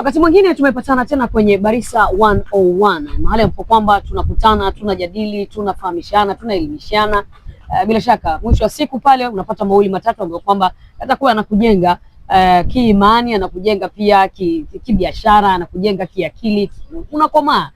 Wakati mwingine tumepatana tena kwenye Barisa 101, mahali ambapo kwamba tunakutana, tunajadili, tunafahamishana, tunaelimishana. Uh, bila shaka mwisho wa siku pale unapata mawili matatu ambayo kwamba atakuwa anakujenga uh, eh, kiimani, anakujenga pia kibiashara, ki anakujenga kiakili, unakomaa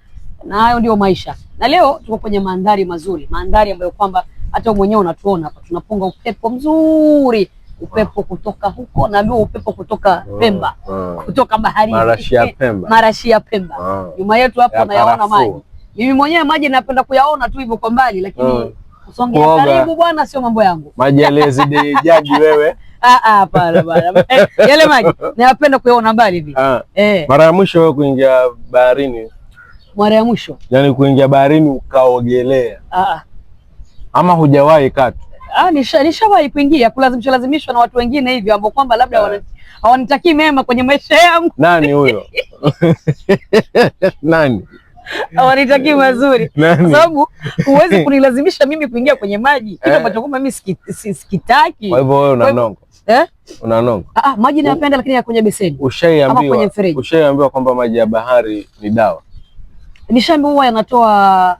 na hayo ndio maisha. Na leo tuko kwenye mandhari mazuri, mandhari ambayo kwamba hata mwenyewe unatuona hapa, tunapunga upepo mzuri upepo kutoka huko, naambiwa upepo kutoka ah, Pemba, ah. kutoka baharini, marashi ya Pemba, marashi ya Pemba. Ah. Nyuma yetu hapo nayaona maji, mimi mwenyewe maji napenda kuyaona tu hivyo kwa mbali, lakini kusongea karibu bwana, sio mambo yangu. Maji yaliyezidi jaji wewe yale maji napenda kuyaona mbali hivi. Eh. mara ya mwisho wewe kuingia baharini? Mara ya mwisho yani kuingia baharini ukaogelea? Ah, ama hujawahi katu? ah, nishawahi kuingia kulazimisha lazimishwa na watu wengine hivyo ambao kwamba labda eh. hawanitakii mema kwenye maisha yangu. Nani huyo? Nani hawanitakii mazuri, kwa sababu huwezi kunilazimisha mimi kuingia kwenye maji kitu eh. ambacho kwamba mimi sikitaki. Kwa hivyo wewe unanongo Eh? Unanongo. Ah, ah, maji nayapenda lakini ya kwenye beseni. Ushaiambiwa, ushaiambiwa kwamba maji ya bahari ni dawa. Nishaambiwa yanatoa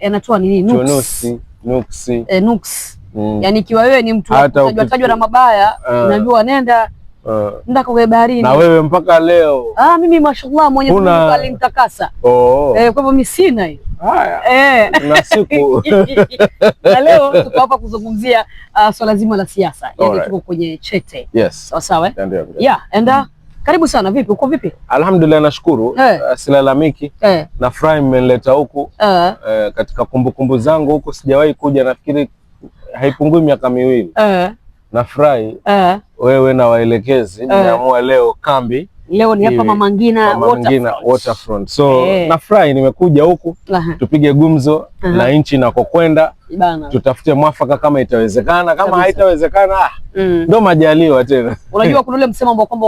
yanatoa nini? Nuksi. Nuksi. Eh, nuksi mm. Yani ikiwa wewe ni mtu tajwa na mabaya uh, unaambiwa nenda Uh, eh. nda kwa baharini na wewe mpaka leo. Ah, mimi mashallah mwenye Mungu alinitakasa. Oh. Eh, kwa hivyo mimi sina hiyo. Haya. Eh. Na siku. Na leo tuko hapa kuzungumzia uh, swala zima la siasa. Yaani right. Tuko kwenye chete. Yes. Sawa sawa. Eh? Ndio. Yeah, enda. Ah, mm. Karibu sana. Vipi? Uko vipi? Alhamdulillah, nashukuru hey. Uh, ah, Silalamiki eh. Nafurahi mmenileta huku uh -huh. Uh, katika kumbukumbu zangu huku sijawahi kuja, nafikiri haipungui miaka miwili uh. Nafurahi uh. Wewe na waelekezi eh. nimeamua uh. Leo kambi leo ni hapa Mama Ngina Waterfront. Waterfront. So hey. Nafurahi nimekuja huku uh -huh. Tupige gumzo uh -huh. na nchi inakokwenda tutafute mwafaka kama itawezekana, kama haitawezekana ah, mm. ndo majaliwa tena. Unajua kuna ule msemo ambao kwamba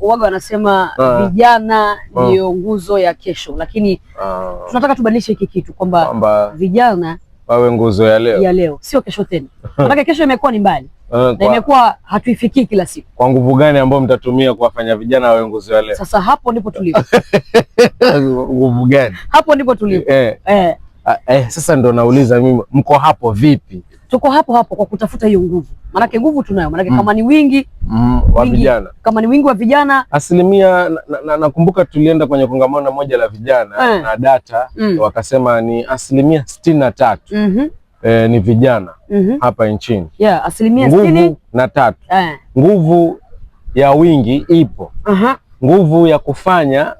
waga wanasema ah. vijana ah. ndiyo nguzo ya kesho, lakini uh. tunataka tubadilishe hiki kitu kwamba vijana wawe nguzo ya leo ya leo, sio kesho tena, maana kesho imekuwa ni mbali eh, na imekuwa hatuifikii kila siku. Kwa nguvu gani ambayo mtatumia kuwafanya vijana wawe nguzo ya leo? Sasa hapo ndipo tulipo nguvu gani? Hapo ndipo tulipo eh. Eh. Ah, eh, sasa ndo nauliza mimi, mko hapo vipi? Tuko hapo hapo kwa kutafuta hiyo nguvu, maanake nguvu tunayo, maanake mm. kama ni wingi, mm, wa wingi, vijana kama ni wingi wa vijana asilimia nakumbuka na, na, tulienda kwenye kongamano moja la vijana eh. na data mm. wakasema ni asilimia sitini na tatu mm -hmm. eh, ni vijana mm -hmm. hapa nchini yeah, asilimia nguvu na tatu eh. nguvu ya wingi ipo uh -huh. nguvu ya kufanya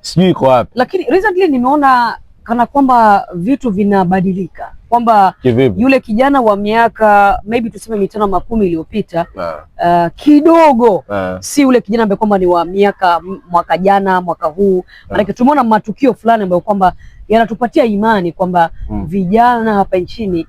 sijui iko wapi, lakini recently nimeona kana kwamba vitu vinabadilika, kwamba yule kijana wa miaka maybe tuseme mitano makumi iliyopita ah. uh, kidogo na, ah. si yule kijana ambaye kwamba ni wa miaka mwaka jana mwaka huu, ah. maanake tumeona matukio fulani ambayo kwamba yanatupatia imani kwamba mm, vijana hapa nchini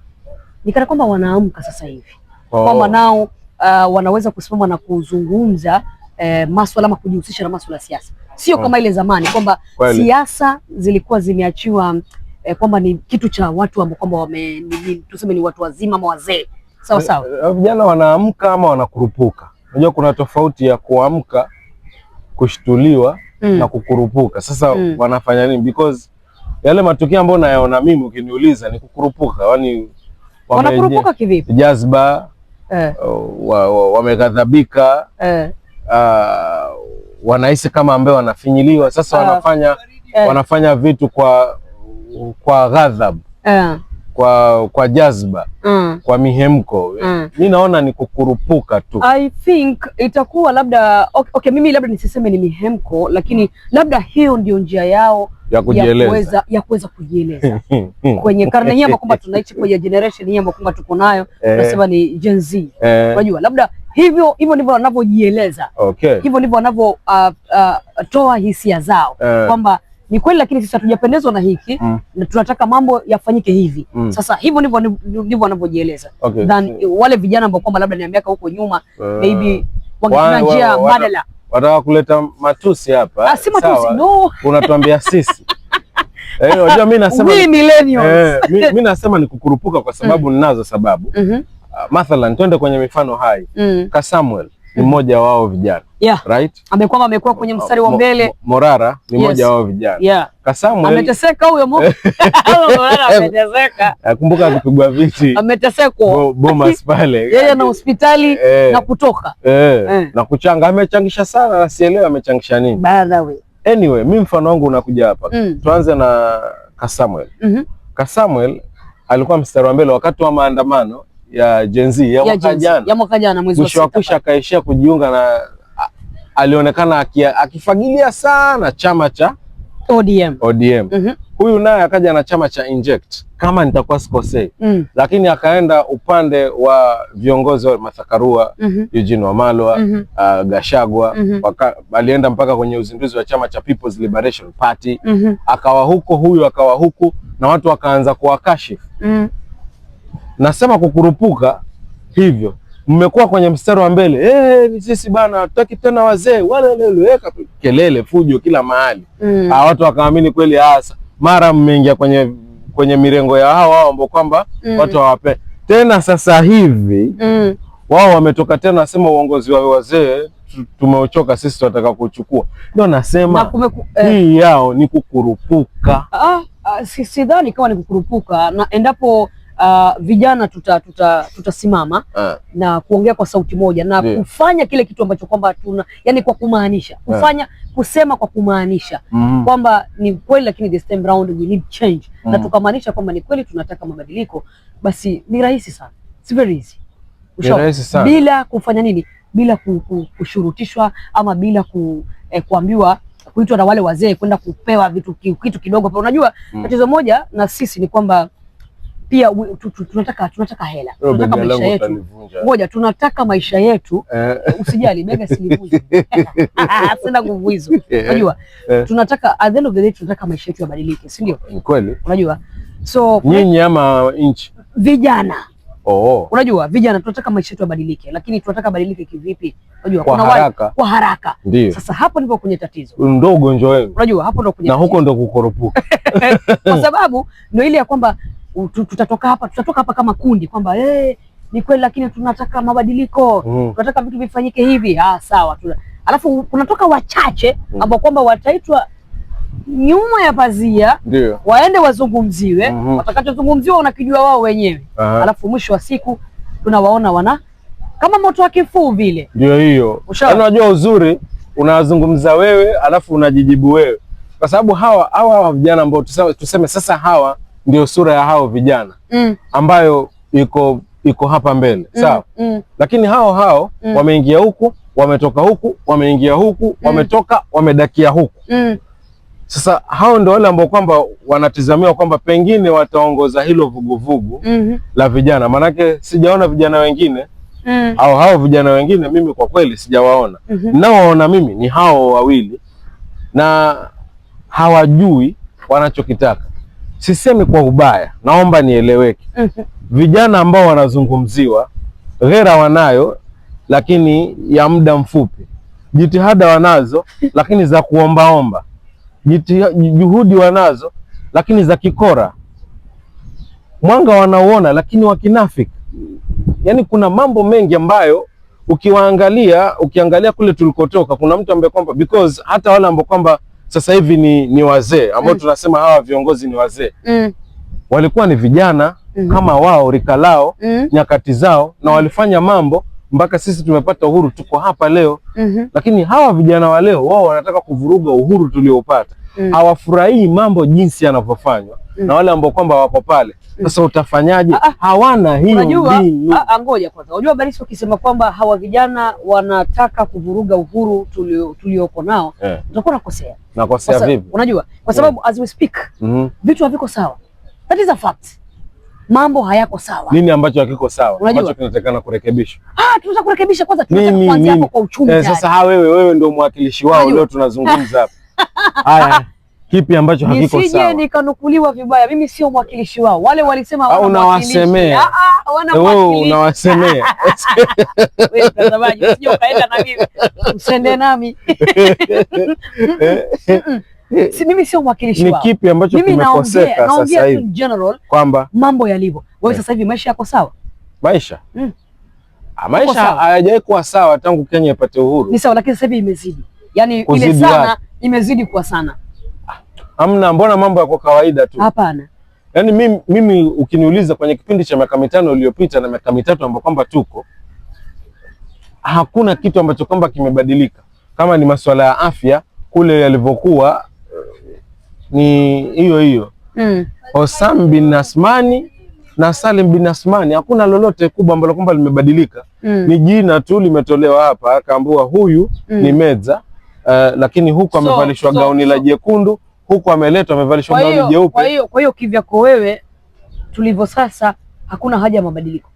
ni kana kwamba wanaamka sasa hivi oh, kwamba nao uh, wanaweza kusimama na kuzungumza eh, maswala ama kujihusisha na maswala ya siasa sio ah. kama ile zamani kwamba siasa zilikuwa zimeachiwa eh, kwamba ni kitu cha watu ambao kwamba wame tuseme ni watu wazima ama wazee sawa sawa. Eh, eh, vijana wanaamka ama wanakurupuka. Unajua kuna tofauti ya kuamka, kushtuliwa mm. na kukurupuka. Sasa mm. wanafanya nini? Because yale matukio ambayo nayaona mimi ukiniuliza ni kukurupuka, yaani wanakurupuka kivipi? Jazba eh. Wamekadhabika wa, wa eh. uh, wanahisi kama ambaye wanafinyiliwa sasa, ah. wanafanya uh, wanafanya vitu kwa kwa ghadhab uh, kwa kwa jazba uh, kwa mihemko uh, mi naona ni kukurupuka tu. I think itakuwa labda okay, okay, mimi labda nisiseme ni mihemko, lakini labda hiyo ndio njia yao ya kujieleza ya kuweza kujieleza kwenye karne hii ambayo kwamba tunaishi kwenye generation hii ambayo kwamba tuko nayo tunasema eh. ni Gen Z, unajua labda hivyo hivyo ndivyo wanavyojieleza okay. Hivyo ndivyo wanavyo uh, uh, hisia zao uh, kwamba ni kweli, lakini sisi hatujapendezwa na hiki mm. na tunataka mambo yafanyike hivi mm. Sasa hivyo ndivyo ndivyo wanavyojieleza okay. Then wale vijana ambao kwamba labda ni miaka huko nyuma uh, maybe wangetuna njia mbadala, wataka kuleta matusi hapa, ah, si matusi no. unatuambia sisi eh, Unajua, mimi nasema, eh, mimi nasema ni kukurupuka kwa sababu mm. ninazo sababu mm Ah, mathalan twende kwenye mifano hai mm. ka Samuel ni mm. mmoja wao vijana yeah. right? Amekwama, amekuwa kwenye ah, mstari wa mbele Mo, Morara ni mmoja yes. wao vijana yeah. ka Samuel ameteseka huyo Morara ameteseka, nakumbuka akipigwa viti ameteseka Bomas pale yeye na hospitali eh, na kutoka eh, eh. na kuchanga, amechangisha sana na sielewi amechangisha nini baada we anyway, mimi mfano wangu unakuja hapa mm. tuanze na ka Samuel mm -hmm. ka Samuel alikuwa mstari wa mbele wakati wa maandamano ya Gen Z ya mwaka jana, mwisho wa kusha akaishia kujiunga na alionekana akia, akifagilia sana chama cha ODM, ODM. Mm -hmm. Huyu naye akaja na chama cha Inject kama nitakuwa sikosei, mm. Lakini akaenda upande wa viongozi wa Mathakarua, mm -hmm. Eugene Wamalwa, mm -hmm. uh, Gashagwa, mm -hmm. alienda mpaka kwenye uzinduzi wa chama cha People's Liberation Party, mm -hmm. akawa huko, huyu akawa huku na watu wakaanza kuwakashifu mm. Nasema kukurupuka hivyo, mmekuwa kwenye mstari wa mbele eh, sisi bana hatutaki tena wazee wale leo, kelele fujo kila mahali mm. Ah, watu wakaamini kweli, hasa ah, mara mmeingia kwenye kwenye mirengo ya hao hao ambao kwamba mm. watu hawape tena sasa hivi mm. wao wametoka tena nasema uongozi wa wazee tumeochoka sisi, tunataka kuchukua. Ndio nasema eh. hii eh, yao ni kukurupuka. Ah, ah, sidhani kama ni kukurupuka na endapo uh, vijana tutasimama tuta, tuta eh. na kuongea kwa sauti moja na yeah. kufanya kile kitu ambacho kwamba tuna yani kwa kumaanisha eh. kufanya kusema kwa kumaanisha mm -hmm. kwamba ni kweli, lakini this time round we need change mm -hmm. na mm-hmm. tukamaanisha kwamba ni kweli tunataka mabadiliko, basi ni rahisi sana, it's very easy Usha, bila kufanya nini, bila kushurutishwa ama bila ku, eh, kuambiwa kuitwa na wale wazee kwenda kupewa vitu kitu kidogo. Unajua mm. tatizo mm. moja na sisi ni kwamba pia tunataka tunataka hela, tunataka maisha yetu. Ngoja, tunataka maisha yetu, eh. Eh, usijali, bega silivunji, sina nguvu hizo. Eh. Unajua, tunataka at the end of the day, tunataka maisha yetu yabadilike, si ndio? Kweli, unajua so nyinyi ama nchi, vijana Oh. Unajua vijana tunataka maisha yetu yabadilike, lakini tunataka badilike kivipi? Unajua kwa kuna haraka, kwa haraka. Ndiyo. Sasa hapo ndipo kwenye tatizo ndio ugonjwa wewe. Unajua hapo ndo kwenye na huko ndo kukoropuka kwa sababu ndio ile ya kwamba tutatoka hapa, tutatoka hapa kama kundi kwamba eh, ni kweli, lakini tunataka mabadiliko mm. tunataka vitu vifanyike hivi. Ah, sawa tuna. Alafu kunatoka wachache mm. ambao kwamba wataitwa nyuma ya pazia Dio. waende wazungumziwe mm -hmm. watakachozungumziwa wanakijua wao wenyewe uh -huh. alafu mwisho wa siku tunawaona wana kama moto wa kifuu vile, ndio hiyo. Yaani unajua uzuri unazungumza wewe alafu unajijibu wewe, kwa sababu hawa hawa vijana ambao tuseme, tuseme sasa hawa ndio sura ya hao vijana mm. ambayo iko iko hapa mbele mm. sawa mm. lakini hao hao mm. wameingia huku wametoka huku wameingia huku mm. wametoka wamedakia huku mm. Sasa hao ndio wale ambao kwamba wanatizamiwa kwamba pengine wataongoza hilo vuguvugu mm -hmm. la vijana, maanake sijaona vijana wengine mm. au hao vijana wengine mimi kwa kweli sijawaona mm -hmm. naowaona mimi ni hao wawili, na hawajui wanachokitaka sisemi kwa ubaya, naomba nieleweke. Mhm. Vijana ambao wanazungumziwa ghera wanayo, lakini ya muda mfupi, jitihada wanazo, lakini za kuombaomba, juhudi wanazo, lakini za kikora, mwanga wanauona, lakini wakinafiki. Yaani kuna mambo mengi ambayo ukiwaangalia, ukiangalia kule tulikotoka, kuna mtu ambaye kwamba because hata wale ambao kwamba sasa hivi ni, ni wazee ambao mm. tunasema hawa viongozi ni wazee mm. walikuwa ni vijana mm kama wao rika lao mm. nyakati zao na mm. walifanya mambo mpaka sisi tumepata uhuru, tuko hapa leo mm -hmm. lakini hawa vijana wa leo wao wanataka kuvuruga uhuru tuliopata Mm. hawafurahii mambo jinsi yanavyofanywa mm. na wale ambao kwamba wapo pale mm. sasa utafanyaje? Ah, ah. Hawana hiyo mbinu. Ah, ngoja kwanza, unajua Barisa, ukisema kwamba hawa vijana wanataka kuvuruga uhuru tulioko nao yeah. utakuwa nakosea. Nakosea vipi? Unajua, kwa sababu yeah. Mm. as we speak mm -hmm. vitu haviko sawa, that is a fact. Mambo hayako sawa. Nini ambacho hakiko sawa ambacho kinatakana kurekebishwa? Ah, tunaweza kurekebisha kwanza, tunaanza hapo kwa uchumi. Eh, sasa hawa wewe wewe ndio mwakilishi wao leo tunazungumza hapa Haya, kipi ambacho hakiko sawa? Nisije nikanukuliwa vibaya, mimi sio mwakilishi wao. Wale walisema wana ah, ah, ah, mwakilishi. Unawasemea. Ah, wana mwakilishi. Unawasemea. Wewe mtazamaji, usije ukaenda na mimi. Usende nami. Si, mimi sio mwakilishi wao. Ni kipi ambacho kimekoseka sasa hivi? In general kwamba mambo yalivyo. Wewe eh. sasa hivi maisha yako sawa? Maisha? Mm. Maisha hayajawahi kuwa sawa tangu Kenya ipate uhuru. Ni sawa, lakini sasa hivi imezidi yani ile sana imezidi kuwa sana. Hamna, mbona mambo yako kawaida tu. Hapana, yaani mimi, mimi ukiniuliza kwenye kipindi cha miaka mitano iliyopita na miaka mitatu ambapo kwamba tuko, hakuna kitu ambacho kwamba kimebadilika, kama ni masuala ya afya kule yalivyokuwa eh, ni hiyo hiyo mm. Osam bin Asmani na Salim bin Asmani, hakuna lolote kubwa ambalo kwamba limebadilika mm. Ni jina tu limetolewa hapa, akaambua huyu mm. ni mm uh, lakini huku amevalishwa so, so, gauni so, la jekundu huku ameletwa amevalishwa gauni jeupe. Kwa hiyo kwa hiyo kivyako wewe, tulivyo sasa, hakuna haja ya mabadiliko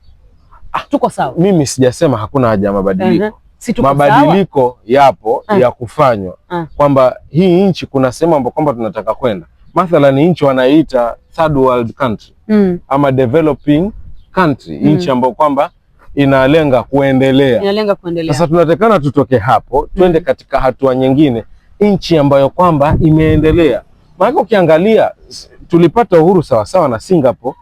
ah, tuko sawa. Mimi sijasema hakuna haja ya mabadiliko uh -huh. mabadiliko sawa? Yapo uh ya kufanywa uh kwamba hii nchi kuna sehemu ambapo kwamba tunataka kwenda mathalan nchi wanaita third world country mm. ama developing country mm. nchi ambayo kwamba inalenga kuendelea, inalenga kuendelea. Sasa tunatekana tutoke hapo twende mm -hmm. katika hatua nyingine, nchi ambayo kwamba imeendelea. Maana ukiangalia tulipata uhuru sawasawa na Singapore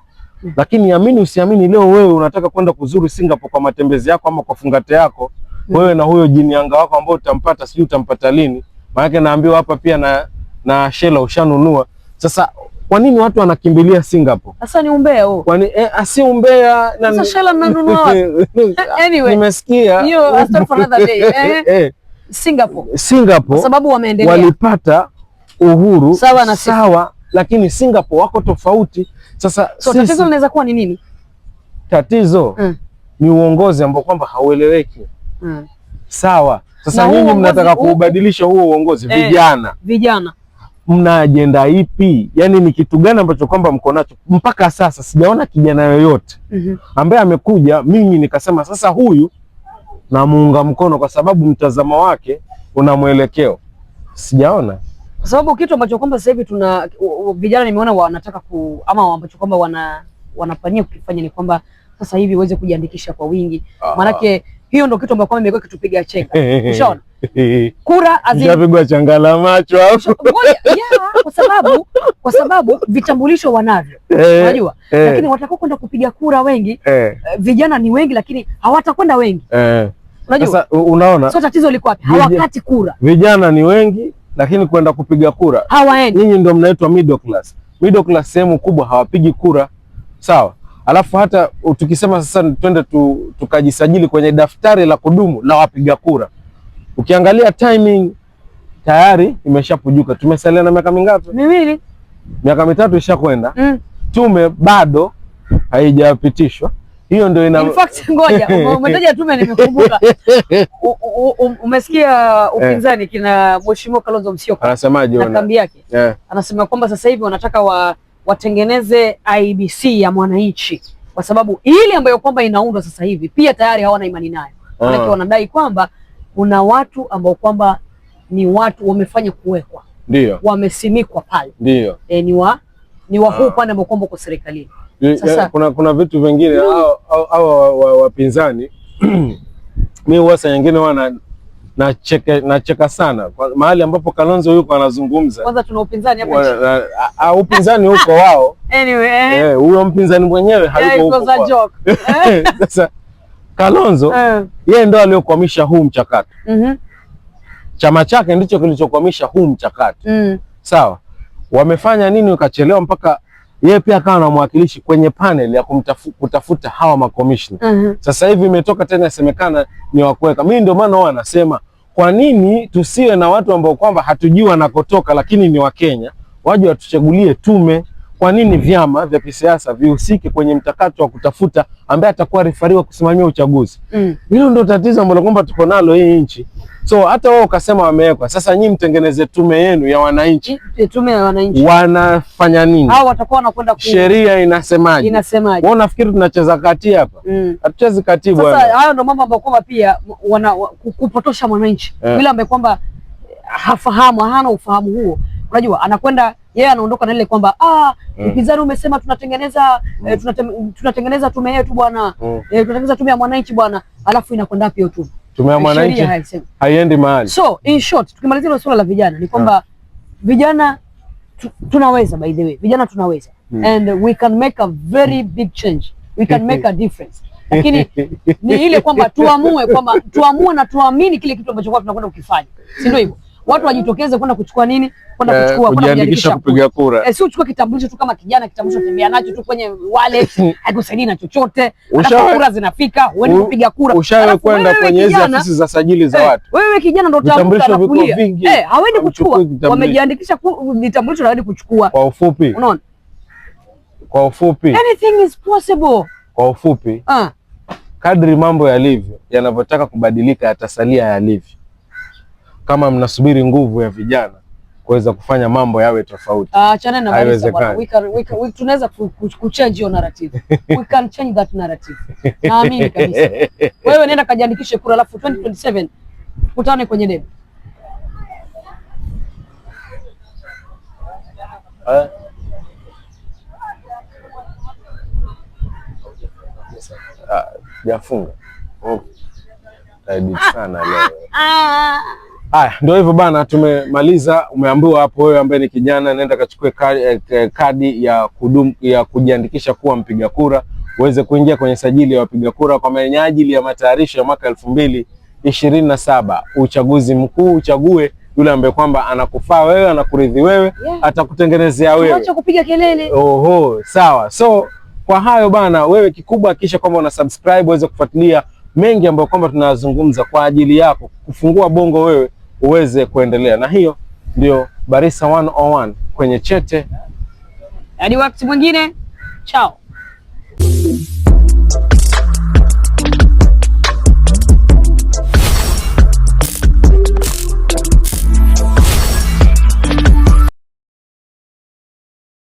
mm -hmm. lakini amini usiamini, leo wewe unataka kwenda kuzuru Singapore kwa matembezi yako ama kwa fungate yako mm -hmm. wewe na huyo jini wako ambao utampata, sijui utampata lini? Maanake naambiwa hapa pia na, na shela ushanunua sasa kwa nini watu wanakimbilia Singapore? Sasa ni umbea huo. Kwani eh, asi ah, umbea na sasa shala nanunua wapi? Eh, anyway. Nimesikia. Hiyo after for another day. Eh? Eh, eh, Singapore. Singapore. Kwa sababu wameendelea. Walipata uhuru sawa, na sawa lakini Singapore wako tofauti. Sasa so, tatizo linaweza kuwa ni nini? Tatizo mm. ni uongozi ambao kwamba haueleweki. Mm. Sawa. Sasa nyinyi mnataka kuubadilisha huo uongozi eh, vijana. Vijana mna ajenda ipi? yani ni kitu gani ambacho kwamba mko nacho? Mpaka sasa sijaona kijana yoyote mm -hmm. ambaye amekuja mimi nikasema sasa huyu namuunga mkono kwa sababu mtazamo wake una mwelekeo, sijaona kwa sababu kitu ambacho kwamba sasa hivi tuna vijana nimeona wanataka ku ama ambacho kwamba wana wanapania kukifanya ni kwamba sasa hivi uweze kujiandikisha kwa wingi, ah. maanake hiyo ndio kitu ambacho imekuwa kitupiga chenga, ushaona kura azipigwa la macho hapo, kwa sababu kwa sababu vitambulisho wanavyo, eh, unajua eh, lakini watakao kwenda kupiga kura wengi eh. eh, vijana ni wengi, lakini hawatakwenda wengi eh. Unajua sasa, unaona sio tatizo liko wapi? Hawakati kura, vijana ni wengi, lakini kwenda kupiga kura hawaendi. Ninyi ndio mnaitwa middle class. Middle class sehemu kubwa hawapigi kura, sawa Alafu hata tukisema sasa twende tu, tukajisajili kwenye daftari la kudumu la wapiga kura, ukiangalia timing tayari imeshapujuka. Tumesalia na miaka mingapi? Miwili, miaka mitatu ishakwenda. Mm. Tume bado haijapitishwa hiyo ndio ina... In fact ngoja, umetaja tume nimekumbuka. Umesikia upinzani kina Mheshimiwa Kalonzo Musyoka anasemaje na kambi yake? Yeah. Anasema kwamba sasa hivi wanataka wa watengeneze IBC ya mwananchi, kwa sababu ile ambayo kwamba inaundwa sasa hivi pia tayari hawana imani nayo, maanake ah. wanadai kwamba kuna watu ambao kwamba ni watu wamefanya kuwekwa, ndio wamesimikwa pale, ndio e, ni wa ni wa huu ah. upande ambao kwamba uko serikalini. Eh, sasa kuna, kuna vitu vingine mm. au wapinzani mimi wasa nyingine wana nacheka nacheka sana kwa mahali ambapo Kalonzo yuko anazungumza. Kwanza tuna upinzani hapa, ah, upinzani huko wao. Anyway, eh, eh huyo mpinzani mwenyewe hayuko huko. Sasa Kalonzo eh. yeye ndo aliyokwamisha huu mchakato mm Chama chake ndicho kilichokwamisha huu mchakato mm. Sawa, wamefanya nini ukachelewa mpaka yeye pia akawa na mwakilishi kwenye panel ya kumtafu, kutafuta hawa makomishna uh -huh. Sasa hivi imetoka tena semekana ni wakuweka. Mimi ndio maana wanasema anasema kwa nini tusiwe na watu ambao kwamba hatujui wanakotoka lakini ni Wakenya waje watuchagulie tume? Kwa nini vyama vya kisiasa vihusike kwenye mtakato wa kutafuta ambaye atakuwa rifariwa kusimamia uchaguzi? Mm. Hilo mm. ndio tatizo ambalo kwamba tuko nalo hii nchi. So hata wao ukasema wamewekwa, sasa nyinyi mtengeneze tume yenu ya wananchi. Eh, tume ya wananchi wanafanya nini? Hao watakuwa wanakwenda kuu. sheria inasemaje? Inasemaje? Wao nafikiri tunacheza kati hapa, mm. hatuchezi mm. bwana. Sasa hayo ndio mambo ambayo kwamba pia wana kupotosha mwananchi yeah. Bila ambaye kwamba eh, hafahamu, hana ufahamu huo, unajua anakwenda yeye yeah, anaondoka na ile kwamba ah, mm. mpinzani mm. umesema tunatengeneza mm. eh, tunatengeneza tume yetu bwana mm. eh, tunatengeneza tume ya mwananchi bwana, alafu inakwenda hapo tu tume? Tume ya Mwananchi haiendi mahali. So in short, tukimalizia hilo swala la vijana ni kwamba yeah. Vijana tunaweza, by the way, vijana tunaweza hmm. And we can make a very big change, we can make a difference lakini ni ile kwamba tuamue kwamba tuamue na tuamini kile kitu ambacho kwa tunakwenda kukifanya, si ndio hivyo? watu wajitokeze kwenda kuchukua nini, kwenda eh, kuchukua, kwenda kujiandikisha kupiga kura. Eh, si uchukue kitambulisho tu kama kijana, kitambulisho tembea nacho tu kwenye wallet, haikusaidii na chochote. Kura zinafika, uende kupiga kura. Ushawe kwenda kwenye hizo ofisi za sajili za eh, watu. Wewe kijana ndio utaamka na vingi, Eh, hawendi kuchukua. Wamejiandikisha vitambulisho, hawendi kuchukua. Kwa ufupi. Unaona? Kwa ufupi. Anything is possible. Kwa ufupi. Ah. Kadri mambo yalivyo, yanavyotaka kubadilika, yatasalia yalivyo kama mnasubiri nguvu ya vijana kuweza kufanya mambo yawe tofauti. Ah, achana na Marisa bwana. We can, we can, we tunaweza kuchange your narrative. We can change that narrative. Naamini kabisa. Wewe nenda kajiandikishe kura alafu 2027 kutane kwenye debe. Uh, jafunga. Oh. Tayari ah, sana leo. Haya, ndio hivyo bana, tumemaliza. Umeambiwa hapo wewe ambaye ni kijana, nenda kachukue eh, kadi ya kudum, ya kujiandikisha kuwa mpiga kura uweze kuingia kwenye sajili ya wapiga kura kwa ajili ya matayarisho ya mwaka elfu mbili ishirini na saba uchaguzi mkuu. Uchague yule ambaye kwamba anakufaa wewe, anakuridhi wewe, yeah. Atakutengenezea wewe, acha kupiga kelele. Oho, sawa. So kwa hayo bana, wewe kikubwa hakikisha kwamba una subscribe uweze kufuatilia mengi ambayo kwamba tunayazungumza kwa ajili yako kufungua bongo wewe uweze kuendelea, na hiyo ndio Barisa 101 kwenye Chete. Hadi wakati mwingine, chao.